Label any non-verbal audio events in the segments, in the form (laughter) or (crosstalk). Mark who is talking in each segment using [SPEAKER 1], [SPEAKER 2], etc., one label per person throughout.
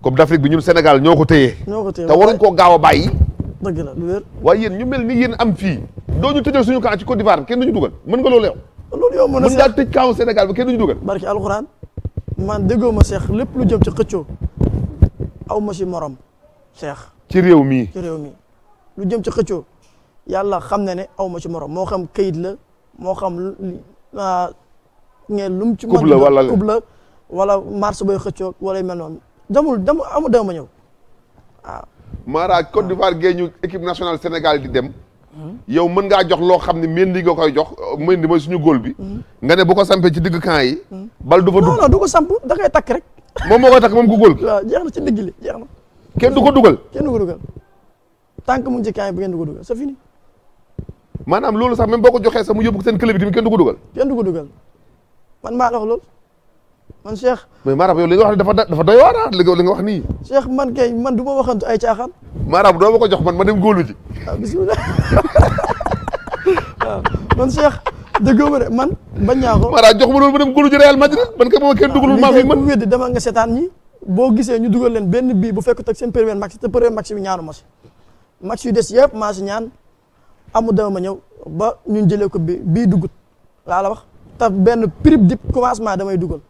[SPEAKER 1] Coupe d'Afrique bi ñun Sénégal ñoo ko téye. ñoo ko téye te koo gaaw a bàyyi. dëgg la lu wér. waaye yéen ñu mel ni yéen am fii. doo ñu tëjal suñu camp ci Côte d'Ivoire kenn duñu dugal mën nga loolu yow. loolu yow mën na seex mën ngaa
[SPEAKER 2] tëj camp Sénégal ba kenn duñu dugal. barki alxuraan man déggoo ma seex lépp lu jëm ci xëccoo aw ma si morom seex.
[SPEAKER 1] ci réew mii
[SPEAKER 2] lu jëm ci xëccoo yàlla xam na ne aw ma si morom moo xam kayit la moo xam ah, ngeen lum ci. kub la wala la kub la wala marche booy xëccoo wala mel noonu demul dem amul dem ma ñëw waaw. Mara Côte d'Ivoire gée ñu équipe
[SPEAKER 1] nationale Sénégal di dem. Hmm. yow mën ngaa jox loo xam ne Mendy nga koy jox euh, Mendy mooy suñu góol bi. Hmm. nga ne bu ko sampee ci digg camp yi. Hmm. bal du fa dugg non non du ko da koy takk rek. moom moo koy takk moom ku góol. waaw jeex na ci digg li kenn du ko dugal kenn ko dugal. mu ngi ci bu ngeen du ko dugal c'est fini. maanaam loolu sax même boo ko joxee sax mu yóbbu seen club bi tamit kenn du ko dugal. kenn du ko dugal man maa loolu. man Cheikh. mais Maram yow li nga dafa dafa doy ah, li
[SPEAKER 2] nga wax nii. Cheikh man kay man du waxantu ay caaxaan. Maram doo ma ko jox man ma dem góolu ji. waaw ah, bisimilah waaw (laughs) ah, man Cheikh dëggoo ma de man bañ naa ko. Maram jox ma loolu ma dem góolu ji Madrid man kay ma kenn dugalul maa fi man weddi dama nga seetaan ñi boo gisee ñu dugal leen benn bii bu fekk teg seen premier match te premier match bi ñaanu ma si. match yu des yëpp ñaan amu dama ma ñëw ba ñun jëlee ko bi bii dugut laa la wax te benn prib dip commencement damay dugal.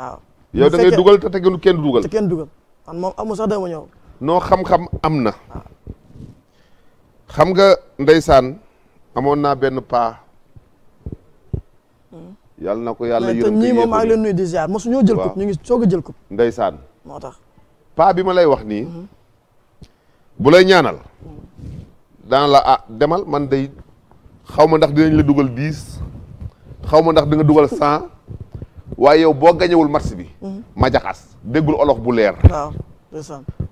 [SPEAKER 2] waaw yow da dugal te tegelu kenn dugal te kenn dugal man moom amul sax dama ñëw noo xam-xam am na
[SPEAKER 1] xam nga ndeysaan amoon naa benn paa hmm. yàlla na ko yàlla yërëm ñii moom maa ngi leen nuyu
[SPEAKER 2] di ziar mosu ñoo jël coupe ñu ngi soog a jël coupe ndeysaan moo tax
[SPEAKER 1] paa bi ma lay wax nii hmm. bu lay ñaanal dana la ah demal man day xaw ma ndax dinañ la dugal dix xaw ma ndax di nga dugal cent waaye yow boo gañewul match bi mhm. ma jaxas déggul olof bu leer waaw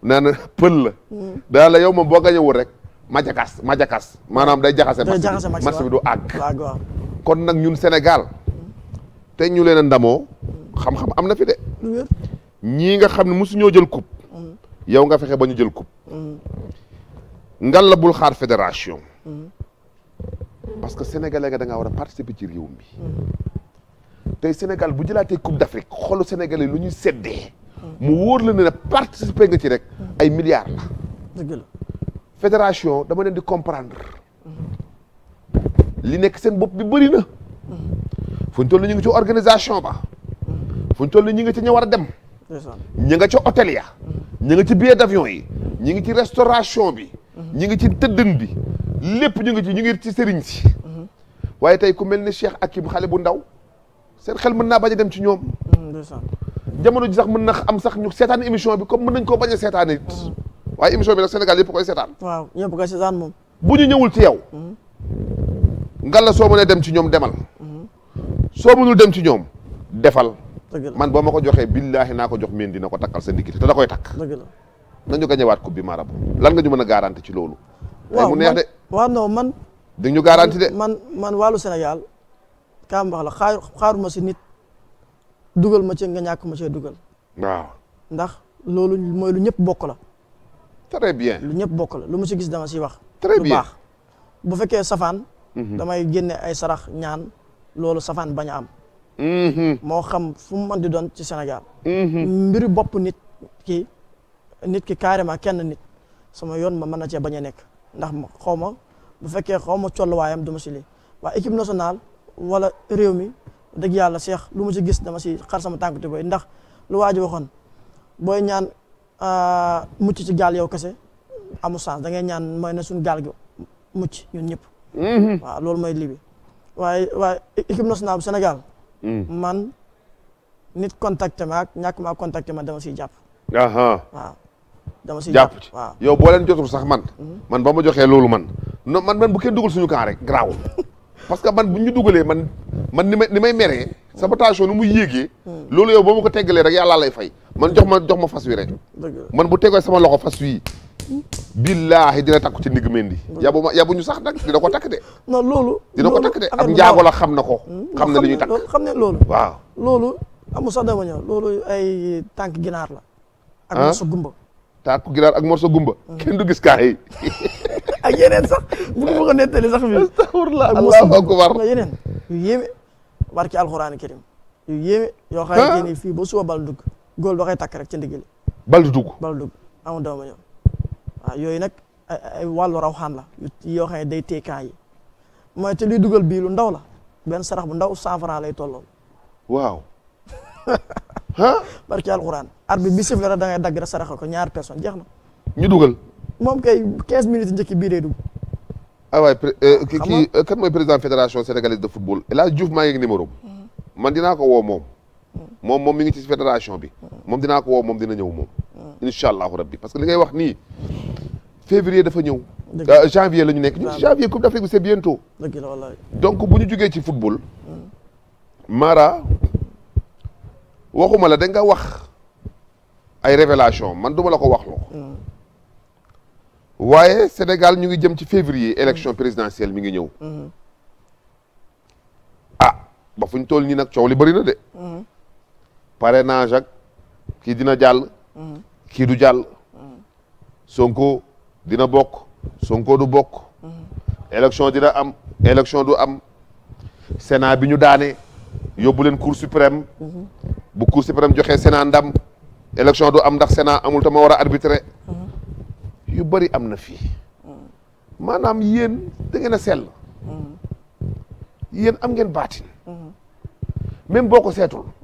[SPEAKER 1] nee na pël la mhm. daa yow moom boo gañewul rek ma jaxas ma jaxas maanaam day jaxase match bi du àgg kon nag ñun Sénégal te ñu leen a ndamoo xam-xam am na fi de ñii nga xam ne mosuñoo jël coupe mhm. yow nga fexe ba ñu jël coupe ngal la bul xaar fédération parce que sénégalais nga da ngaa war a participer ci réew mi tey Sénégal bu jëlaatee Coupe d'Afrique xolu Sénégalais lu ñuy seddee. mu wóor la ne ne participer nga ci rek. ay milliards la. fédération dama leen di comprendre. li nekk seen bopp bi bëri na. fu ñu toll ñu ngi ci organisation ba. fu ñu toll ñu ngi ci ña war a dem. ñi nga ca hôtel ya. ñi nga ci billet d'avion yi. ñi ngi ci restauration bi. ñu ngi ci tëddën bi. lépp ñu ngi ci ñu ngi ci sëriñ si. Mhm. waaye tey ku mel ni Cheikh Hakim xale bu ndaw. seen xel mën naa bañ a dem ci ñoom. Hmm, jamono ji sax mën na am sax ñu seetaan émission bi comme mën nañ koo bañ a seetaan it. Hmm. waaye émission bi nag Sénégal yëpp koy seetaan. waaw ñëpp koy seetaan moom. bu ñu ñëwul ci yow. Hmm. ngalla soo mënee dem ci ñoom demal. soo mënul ci ñoom defal. man boo ma ko joxee billaahi naa ko jox meen dina ko takkal sa ndigite te da koy takk. dëgg la nañu gañewaat coupe bi marabu lan nga ñu mën a garanti ci loolu. waaw mu neex de
[SPEAKER 2] waaw non man. di ñu garanti de man man wàllu Sénégal. kaa mbaax la xaar xaaruma si nit dugal ma ci nga ñàkk ma cee dugal. waaw ndax loolu mooy lu ñëpp bokk la. très lu ñëpp bokk la lu ma si gis dama si wax. très bien lu baax bu fekkee safaan. Mhm. damay génne ay sarax ñaan loolu safaan bañ a am. Mhm. moo xam fu mu mën di doon ci senegal mbir mhm. bopp nit ki nit ki carrément kenn nit sama yoon ma mën na cee bañ a nekk ndax xaw ma bu fekkee xaw ma colluwaayam du ma si lii waa équipe nationale. wala réew mi dëgg yàlla seex lu ma ci gis dama si xar sama tànk te boy ndax lu waa ji waxoon booy ñaan ah, mucc ci gaal yow kese amul sens da ngay ñaan mooy na suñ gaal gi mucc ñun ñëpp mm-hmm. waaw loolu mooy libi waaye waaye équipe nationale bu Sénégal mm. man nit contacté ma ak ñàkk maa contacté ma dama siy jàpp waaw dama siy jàpp ci
[SPEAKER 1] yow boo leen jotul sax man mm-hmm. man ba ma joxee loolu man man man bu kenn dugal suñu camp rek (laughs) parce que man bu ñu dugalee man man ni may ni may meree sabotation ni mu yéegee loolu yow boo ma ko teggalee rek yàllaa lay fay man jox ma jox ma fas wi rek man bu teggee sama loxo fas wi billaahi dina takku ci ndig mendi yabu ma yabu ñu sax nag dina ko takk de non loolu dina ko takk de am njaago la xam na ko
[SPEAKER 2] hmm, xam na lañuy ñuy takk xam ne loolu waaw loolu amu sax dama ñëw loolu ay tànk ginaar la
[SPEAKER 1] ak ah? morso gumba tànk ginaar ak morso gumba hmm. kenn du gis kaa yi (laughs) ak yeneen sax
[SPEAKER 2] bëgguma ko nettali sax bi astaghfirullah allahu akbar yeneen yu yéeme barki alquran karim yu yéeme yoo xam ne fii ba suba bal dugg góol ba koy takk rek ci ndigal bal dugg bal dugg amul dama ñëw waaw yooyu nag ay wàllu raw xaan la yoo xam day teekaa yi mooy te dugal biilu ndaw la benn sarax bu ndaw cent franc lay tollool waaw (laughs) ah barki alquran arbitre bi sifle da ngay dagg rek saraxa ko ñaar personne jeex na ñu dugal moom kay 15 minutes njëkk bii day dugg.
[SPEAKER 1] Ah euh, kii euh, kan mooy président fédération sénégalaise de football El Hadj Diouf maa ngi ak numéro mm-hmm. man dinaa ko woo moom. Mm-hmm. moom moom mi ngi ci fédération bi. Mm-hmm. moom dinaa ko woo moom dina ñëw moom. incha allahu rabbi parce que li ngay wax nii. février dafa ñëw. Euh, janvier la ñu nekk ñu janvier coupe d'Afrique bi c'est bientôt. donc bu ñu jugee ci football. Mara waxuma la da nga wax ay révélation man duma la ko wax loo. waaye Sénégal ñu ngi jëm ci février élection présidentielle mi ngi ñëw mm-hmm. ah ba fu ñu toll nii nag coow li bëri na de mm-hmm. parrainage ak kii dina jàll mm-hmm. kii du jàll Sonko dina bokk Sonko du bokk élection dina am élection du am Sénat bi ñu daane yóbbu leen Cour suprême bu Cour suprême joxe Sénat ndam élection du am ndax Sénat amul tama war a arbitré yu bëri am na fii maanaam yéen da ngeen a sell mm-hmm. yéen am ngeen baatin mm-hmm. même boo ko seetul